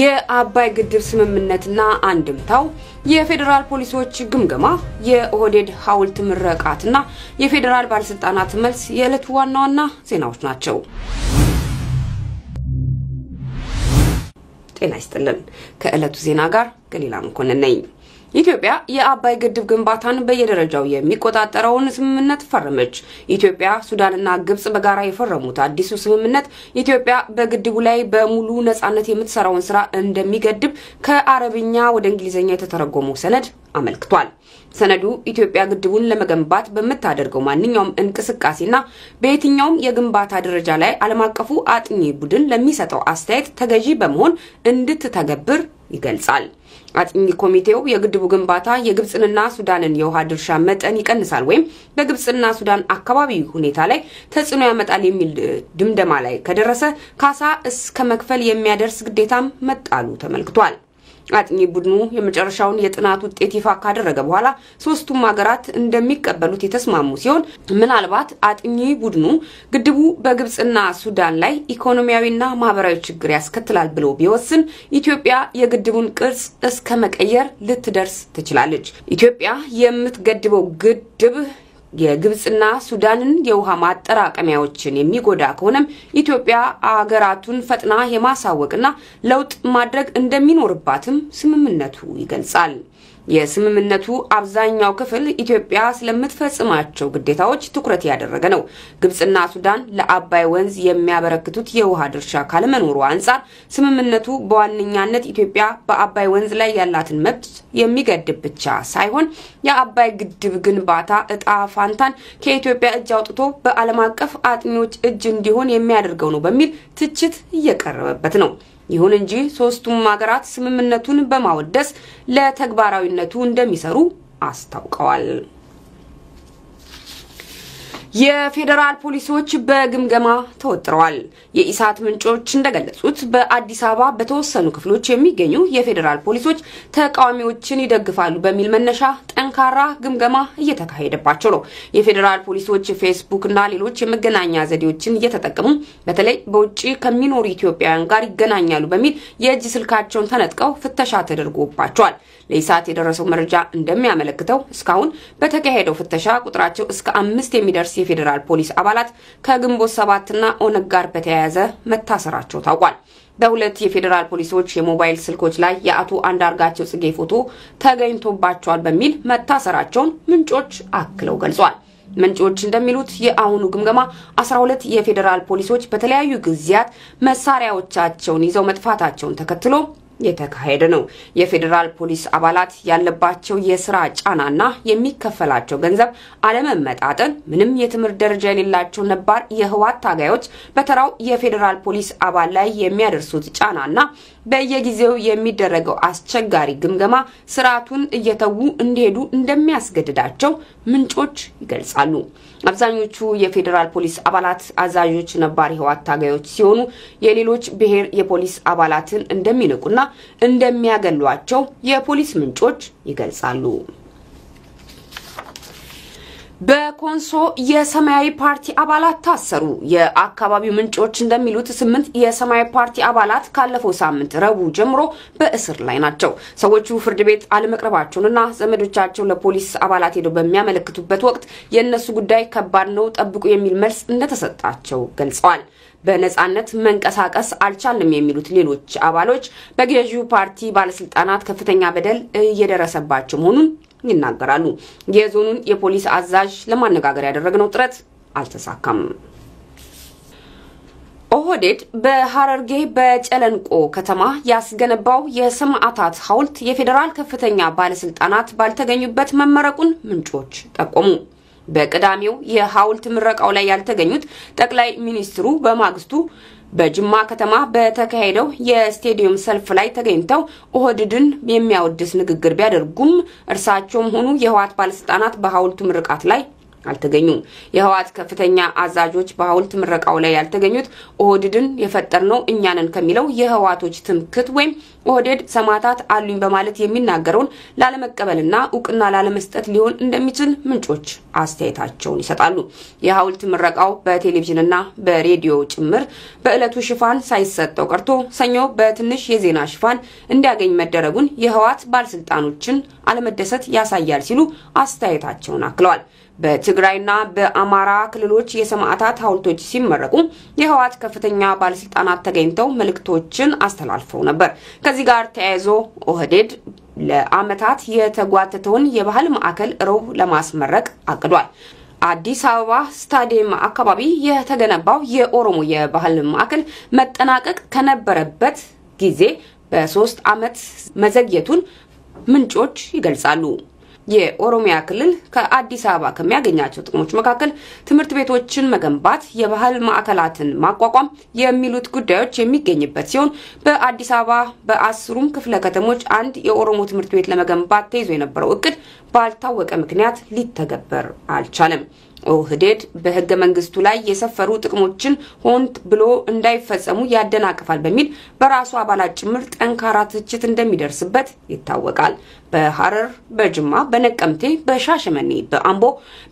የአባይ ግድብ ስምምነትና አንድምታው፣ የፌዴራል ፖሊሶች ግምገማ፣ የኦህዴድ ሐውልት ምረቃትና የፌዴራል ባለስልጣናት መልስ የዕለቱ ዋና ዋና ዜናዎች ናቸው። ጤና ይስጥልን። ከዕለቱ ዜና ጋር ገሊላ መኮንን ነኝ። ኢትዮጵያ የአባይ ግድብ ግንባታን በየደረጃው የሚቆጣጠረውን ስምምነት ፈረመች። ኢትዮጵያ፣ ሱዳንና ግብጽ በጋራ የፈረሙት አዲሱ ስምምነት ኢትዮጵያ በግድቡ ላይ በሙሉ ነጻነት የምትሰራውን ስራ እንደሚገድብ ከአረብኛ ወደ እንግሊዝኛ የተተረጎመው ሰነድ አመልክቷል። ሰነዱ ኢትዮጵያ ግድቡን ለመገንባት በምታደርገው ማንኛውም እንቅስቃሴና በየትኛውም የግንባታ ደረጃ ላይ ዓለም አቀፉ አጥኚ ቡድን ለሚሰጠው አስተያየት ተገዢ በመሆን እንድትተገብር ይገልጻል። አጥኚ ኮሚቴው የግድቡ ግንባታ የግብፅንና ሱዳንን የውሃ ድርሻ መጠን ይቀንሳል ወይም በግብፅና ሱዳን አካባቢ ሁኔታ ላይ ተጽዕኖ ያመጣል የሚል ድምደማ ላይ ከደረሰ ካሳ እስከ መክፈል የሚያደርስ ግዴታም መጣሉ ተመልክቷል። አጥኚ ቡድኑ የመጨረሻውን የጥናት ውጤት ይፋ ካደረገ በኋላ ሶስቱም ሀገራት እንደሚቀበሉት የተስማሙ ሲሆን ምናልባት አጥኚ ቡድኑ ግድቡ በግብፅና ሱዳን ላይ ኢኮኖሚያዊና ማህበራዊ ችግር ያስከትላል ብሎ ቢወስን ኢትዮጵያ የግድቡን ቅርጽ እስከ መቀየር ልትደርስ ትችላለች። ኢትዮጵያ የምትገድበው ግድብ የግብፅና ሱዳንን የውሃ ማጠራቀሚያዎችን የሚጎዳ ከሆነም ኢትዮጵያ አገራቱን ፈጥና የማሳወቅና ለውጥ ማድረግ እንደሚኖርባትም ስምምነቱ ይገልጻል። የስምምነቱ አብዛኛው ክፍል ኢትዮጵያ ስለምትፈጽማቸው ግዴታዎች ትኩረት ያደረገ ነው። ግብጽና ሱዳን ለአባይ ወንዝ የሚያበረክቱት የውሃ ድርሻ ካለመኖሩ አንጻር ስምምነቱ በዋነኛነት ኢትዮጵያ በአባይ ወንዝ ላይ ያላትን መብት የሚገድብ ብቻ ሳይሆን የአባይ ግድብ ግንባታ እጣ ፋንታን ከኢትዮጵያ እጅ አውጥቶ በዓለም አቀፍ አጥኚዎች እጅ እንዲሆን የሚያደርገው ነው በሚል ትችት እየቀረበበት ነው። ይሁን እንጂ ሶስቱም ሀገራት ስምምነቱን በማወደስ ለተግባራዊነቱ እንደሚሰሩ አስታውቀዋል። የፌዴራል ፖሊሶች በግምገማ ተወጥረዋል። የኢሳት ምንጮች እንደገለጹት በአዲስ አበባ በተወሰኑ ክፍሎች የሚገኙ የፌዴራል ፖሊሶች ተቃዋሚዎችን ይደግፋሉ በሚል መነሻ ጠንካራ ግምገማ እየተካሄደባቸው ነው። የፌዴራል ፖሊሶች ፌስቡክ እና ሌሎች የመገናኛ ዘዴዎችን እየተጠቀሙ በተለይ በውጭ ከሚኖሩ ኢትዮጵያውያን ጋር ይገናኛሉ በሚል የእጅ ስልካቸውን ተነጥቀው ፍተሻ ተደርጎባቸዋል። ለኢሳት የደረሰው መረጃ እንደሚያመለክተው እስካሁን በተካሄደው ፍተሻ ቁጥራቸው እስከ አምስት የሚደርስ የፌዴራል ፖሊስ አባላት ከግንቦት ሰባትና ኦነግ ጋር በተያያዘ መታሰራቸው ታውቋል። በሁለት የፌዴራል ፖሊሶች የሞባይል ስልኮች ላይ የአቶ አንዳርጋቸው ጽጌ ፎቶ ተገኝቶባቸዋል በሚል መታሰራቸውን ምንጮች አክለው ገልጿል። ምንጮች እንደሚሉት የአሁኑ ግምገማ 12 የፌዴራል ፖሊሶች በተለያዩ ጊዜያት መሳሪያዎቻቸውን ይዘው መጥፋታቸውን ተከትሎ የተካሄደ ነው። የፌዴራል ፖሊስ አባላት ያለባቸው የስራ ጫናና የሚከፈላቸው ገንዘብ አለመመጣጠን ምንም የትምህርት ደረጃ የሌላቸው ነባር የህወሓት ታጋዮች በተራው የፌዴራል ፖሊስ አባል ላይ የሚያደርሱት ጫናና በየጊዜው የሚደረገው አስቸጋሪ ግምገማ ስርዓቱን እየተዉ እንዲሄዱ እንደሚያስገድዳቸው ምንጮች ይገልጻሉ። አብዛኞቹ የፌዴራል ፖሊስ አባላት አዛዦች ነባር ህወሓት ታጋዮች ሲሆኑ የሌሎች ብሔር የፖሊስ አባላትን እንደሚንቁና እንደሚያገሏቸው የፖሊስ ምንጮች ይገልጻሉ። በኮንሶ የሰማያዊ ፓርቲ አባላት ታሰሩ። የአካባቢው ምንጮች እንደሚሉት ስምንት የሰማያዊ ፓርቲ አባላት ካለፈው ሳምንት ረቡዕ ጀምሮ በእስር ላይ ናቸው። ሰዎቹ ፍርድ ቤት አለመቅረባቸውንና ዘመዶቻቸው ለፖሊስ አባላት ሄደው በሚያመለክቱበት ወቅት የእነሱ ጉዳይ ከባድ ነው ጠብቁ የሚል መልስ እንደተሰጣቸው ገልጸዋል። በነጻነት መንቀሳቀስ አልቻልም የሚሉት ሌሎች አባሎች በገዢው ፓርቲ ባለስልጣናት ከፍተኛ በደል እየደረሰባቸው መሆኑን ይናገራሉ። የዞኑን የፖሊስ አዛዥ ለማነጋገር ያደረግነው ጥረት አልተሳካም። ኦህዴድ በሐረርጌ በጨለንቆ ከተማ ያስገነባው የሰማዕታት ሐውልት የፌዴራል ከፍተኛ ባለስልጣናት ባልተገኙበት መመረቁን ምንጮች ጠቆሙ። በቅዳሜው የሐውልት ምረቃው ላይ ያልተገኙት ጠቅላይ ሚኒስትሩ በማግስቱ በጅማ ከተማ በተካሄደው የስቴዲየም ሰልፍ ላይ ተገኝተው ኦህድድን የሚያወድስ ንግግር ቢያደርጉም እርሳቸውም ሆኑ የህወሓት ባለስልጣናት በሐውልቱ ምርቃት ላይ አልተገኙም። የህወሓት ከፍተኛ አዛዦች በሐውልት ምረቃው ላይ ያልተገኙት ኦህዴድን የፈጠርነው እኛንን ከሚለው የህወሓቶች ትምክት ወይም ኦህዴድ ሰማዕታት አሉኝ በማለት የሚናገረውን ላለመቀበልና እውቅና ላለመስጠት ሊሆን እንደሚችል ምንጮች አስተያየታቸውን ይሰጣሉ። የሐውልት ምረቃው በቴሌቪዥንና በሬዲዮ ጭምር በዕለቱ ሽፋን ሳይሰጠው ቀርቶ ሰኞ በትንሽ የዜና ሽፋን እንዲያገኝ መደረጉን የህወሓት ባለስልጣኖችን አለመደሰት ያሳያል ሲሉ አስተያየታቸውን አክለዋል። በትግራይና በአማራ ክልሎች የሰማዕታት ሐውልቶች ሲመረቁ የህወሓት ከፍተኛ ባለስልጣናት ተገኝተው መልእክቶችን አስተላልፈው ነበር። ከዚህ ጋር ተያይዞ ኦህዴድ ለአመታት የተጓተተውን የባህል ማዕከል ሮብ ለማስመረቅ አቅዷል። አዲስ አበባ ስታዲየም አካባቢ የተገነባው የኦሮሞ የባህል ማዕከል መጠናቀቅ ከነበረበት ጊዜ በሶስት ዓመት መዘግየቱን ምንጮች ይገልጻሉ። የኦሮሚያ ክልል ከአዲስ አበባ ከሚያገኛቸው ጥቅሞች መካከል ትምህርት ቤቶችን መገንባት፣ የባህል ማዕከላትን ማቋቋም የሚሉት ጉዳዮች የሚገኝበት ሲሆን በአዲስ አበባ በአስሩም ክፍለ ከተሞች አንድ የኦሮሞ ትምህርት ቤት ለመገንባት ተይዞ የነበረው እቅድ ባልታወቀ ምክንያት ሊተገበር አልቻለም። ኦህዴድ በህገ መንግስቱ ላይ የሰፈሩ ጥቅሞችን ሆን ብሎ እንዳይፈጸሙ ያደናቅፋል በሚል በራሱ አባላት ጭምር ጠንካራ ትችት እንደሚደርስበት ይታወቃል። በሐረር፣ በጅማ፣ በነቀምቴ፣ በሻሸመኔ፣ በአምቦ፣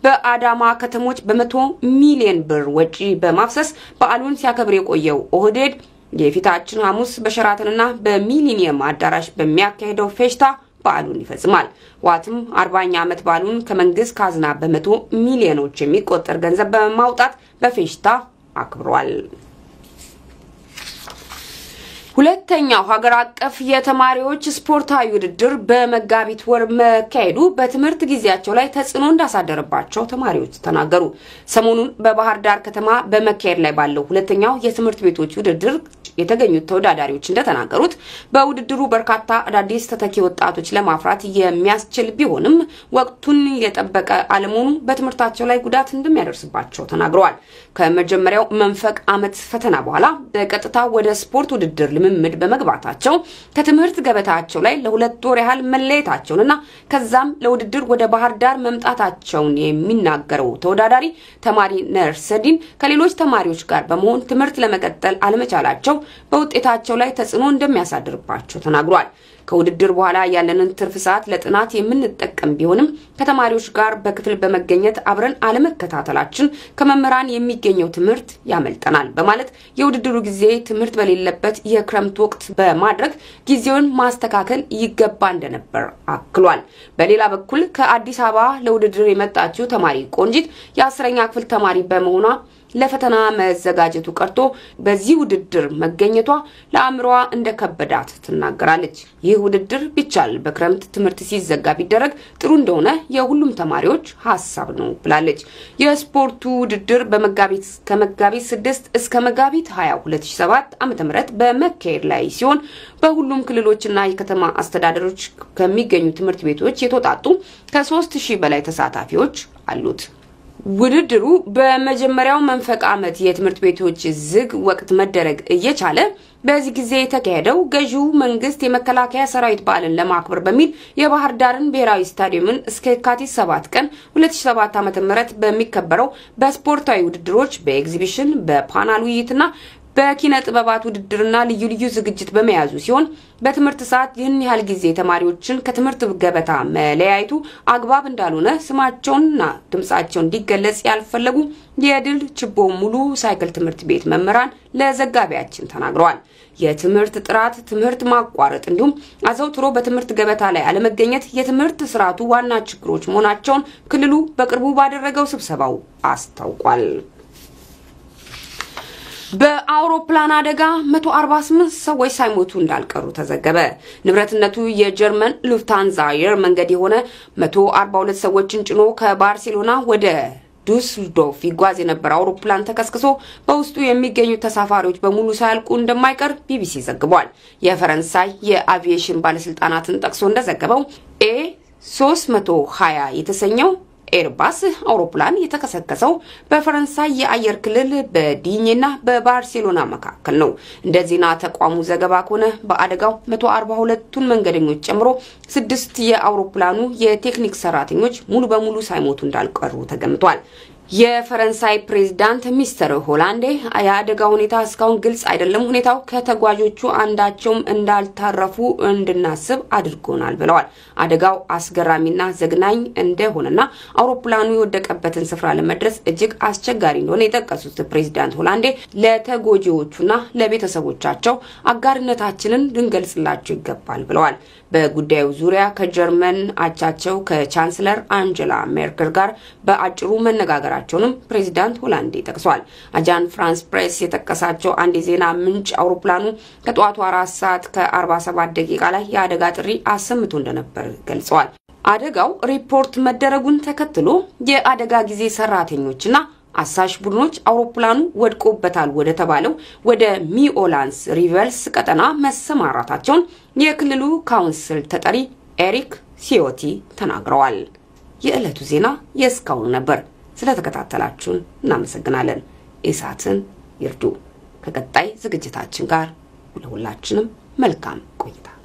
በአዳማ ከተሞች በመቶ ሚሊዮን ብር ወጪ በማፍሰስ በዓሉን ሲያከብር የቆየው ኦህዴድ የፊታችን ሐሙስ በሸራተንና በሚሊኒየም አዳራሽ በሚያካሄደው ፌሽታ በዓሉን ይፈጽማል። ዋትም አርባኛ ዓመት በዓሉን ከመንግስት ካዝና በመቶ ሚሊዮኖች የሚቆጠር ገንዘብ በማውጣት በፌሽታ አክብሯል። ሁለተኛው ሀገር አቀፍ የተማሪዎች ስፖርታዊ ውድድር በመጋቢት ወር መካሄዱ በትምህርት ጊዜያቸው ላይ ተጽዕኖ እንዳሳደረባቸው ተማሪዎች ተናገሩ። ሰሞኑን በባህር ዳር ከተማ በመካሄድ ላይ ባለው ሁለተኛው የትምህርት ቤቶች ውድድር የተገኙት ተወዳዳሪዎች እንደተናገሩት በውድድሩ በርካታ አዳዲስ ተተኪ ወጣቶች ለማፍራት የሚያስችል ቢሆንም ወቅቱን የጠበቀ አለመሆኑ በትምህርታቸው ላይ ጉዳት እንደሚያደርስባቸው ተናግረዋል። ከመጀመሪያው መንፈቅ ዓመት ፈተና በኋላ በቀጥታ ወደ ስፖርት ውድድር ልም ልምምድ በመግባታቸው ከትምህርት ገበታቸው ላይ ለሁለት ወር ያህል መለየታቸውንና ከዛም ለውድድር ወደ ባህር ዳር መምጣታቸውን የሚናገረው ተወዳዳሪ ተማሪ ነርሰዲን ከሌሎች ተማሪዎች ጋር በመሆን ትምህርት ለመቀጠል አለመቻላቸው በውጤታቸው ላይ ተጽዕኖ እንደሚያሳድርባቸው ተናግሯል። ከውድድር በኋላ ያለንን ትርፍ ሰዓት ለጥናት የምንጠቀም ቢሆንም ከተማሪዎች ጋር በክፍል በመገኘት አብረን አለመከታተላችን ከመምህራን የሚገኘው ትምህርት ያመልጠናል በማለት የውድድሩ ጊዜ ትምህርት በሌለበት የክረምት ወቅት በማድረግ ጊዜውን ማስተካከል ይገባ እንደነበር አክሏል። በሌላ በኩል ከአዲስ አበባ ለውድድር የመጣችው ተማሪ ቆንጂት የአስረኛ ክፍል ተማሪ በመሆኗ ለፈተና መዘጋጀቱ ቀርቶ በዚህ ውድድር መገኘቷ ለአእምሮዋ እንደ ከበዳት ትናገራለች። ይህ ውድድር ቢቻል በክረምት ትምህርት ሲዘጋ ቢደረግ ጥሩ እንደሆነ የሁሉም ተማሪዎች ሀሳብ ነው ብላለች። የስፖርቱ ውድድር በመጋቢት ከመጋቢት 6 እስከ መጋቢት 22 2007 ዓ.ም በመካሄድ ላይ ሲሆን በሁሉም ክልሎችና የከተማ አስተዳደሮች ከሚገኙ ትምህርት ቤቶች የተውጣጡ ከ3000 በላይ ተሳታፊዎች አሉት። ውድድሩ በመጀመሪያው መንፈቅ ዓመት የትምህርት ቤቶች ዝግ ወቅት መደረግ እየቻለ በዚህ ጊዜ የተካሄደው ገዢው መንግስት የመከላከያ ሰራዊት በዓልን ለማክበር በሚል የባህር ዳርን ብሔራዊ ስታዲየምን እስከ የካቲት 7 ቀን 2007 ም በሚከበረው በስፖርታዊ ውድድሮች፣ በኤግዚቢሽን፣ በፓናል ውይይትና በኪነ ጥበባት ውድድርና ልዩ ልዩ ዝግጅት በመያዙ ሲሆን በትምህርት ሰዓት ይህን ያህል ጊዜ ተማሪዎችን ከትምህርት ገበታ መለያየቱ አግባብ እንዳልሆነ ስማቸውንና ድምጻቸውን እንዲገለጽ ያልፈለጉ የድል ችቦ ሙሉ ሳይክል ትምህርት ቤት መምህራን ለዘጋቢያችን ተናግረዋል። የትምህርት ጥራት፣ ትምህርት ማቋረጥ እንዲሁም አዘውትሮ በትምህርት ገበታ ላይ አለመገኘት የትምህርት ስርዓቱ ዋና ችግሮች መሆናቸውን ክልሉ በቅርቡ ባደረገው ስብሰባው አስታውቋል። በአውሮፕላን አደጋ 148 ሰዎች ሳይሞቱ እንዳልቀሩ ተዘገበ። ንብረትነቱ የጀርመን ሉፍታንዛ አየር መንገድ የሆነ 142 ሰዎችን ጭኖ ከባርሴሎና ወደ ዱስልዶፍ ይጓዝ የነበረ አውሮፕላን ተከስክሶ በውስጡ የሚገኙ ተሳፋሪዎች በሙሉ ሳያልቁ እንደማይቀር ቢቢሲ ዘግቧል። የፈረንሳይ የአቪዬሽን ባለስልጣናትን ጠቅሶ እንደዘገበው ኤ 320 የተሰኘው ኤርባስ አውሮፕላን የተከሰከሰው በፈረንሳይ የአየር ክልል በዲኝና በባርሴሎና መካከል ነው። እንደ ዜና ተቋሙ ዘገባ ከሆነ በአደጋው 142ቱን መንገደኞች ጨምሮ ስድስት የአውሮፕላኑ የቴክኒክ ሰራተኞች ሙሉ በሙሉ ሳይሞቱ እንዳልቀሩ ተገምቷል። የፈረንሳይ ፕሬዝዳንት ሚስተር ሆላንዴ የአደጋ ሁኔታ እስካሁን ግልጽ አይደለም፣ ሁኔታው ከተጓዦቹ አንዳቸውም እንዳልታረፉ እንድናስብ አድርጎናል ብለዋል። አደጋው አስገራሚና ዘግናኝ እንደሆነና አውሮፕላኑ የወደቀበትን ስፍራ ለመድረስ እጅግ አስቸጋሪ እንደሆነ የጠቀሱት ፕሬዝዳንት ሆላንዴ ለተጎጂዎቹና ለቤተሰቦቻቸው አጋርነታችንን ልንገልጽላቸው ይገባል ብለዋል። በጉዳዩ ዙሪያ ከጀርመን አቻቸው ከቻንስለር አንጀላ ሜርክል ጋር በአጭሩ መነጋገራቸው መናገራቸውንም ፕሬዚዳንት ሆላንዴ ጠቅሷል። አጃን ፍራንስ ፕሬስ የጠቀሳቸው አንድ የዜና ምንጭ አውሮፕላኑ ከጠዋቱ አራት ሰዓት ከ47 ደቂቃ ላይ የአደጋ ጥሪ አሰምቶ እንደነበር ገልጸዋል። አደጋው ሪፖርት መደረጉን ተከትሎ የአደጋ ጊዜ ሰራተኞችና አሳሽ ቡድኖች አውሮፕላኑ ወድቆበታል ወደ ተባለው ወደ ሚኦላንስ ሪቨርስ ቀጠና መሰማራታቸውን የክልሉ ካውንስል ተጠሪ ኤሪክ ሲዮቲ ተናግረዋል። የዕለቱ ዜና የእስካሁን ነበር። ስለተከታተላችሁን እናመሰግናለን። ኢሳትን ይርዱ። ከቀጣይ ዝግጅታችን ጋር ለሁላችንም መልካም ቆይታ